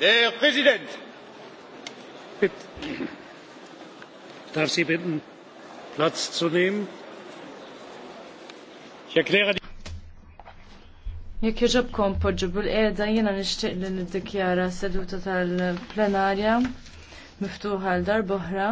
Herr Präsident! Ich darf Sie bitten, Platz zu nehmen. Ich erkläre die Jekk jġobkom poġġu bil-qeda jena nishtiq li niddikjara seduta tal-plenarja miftuħa l-darboħra.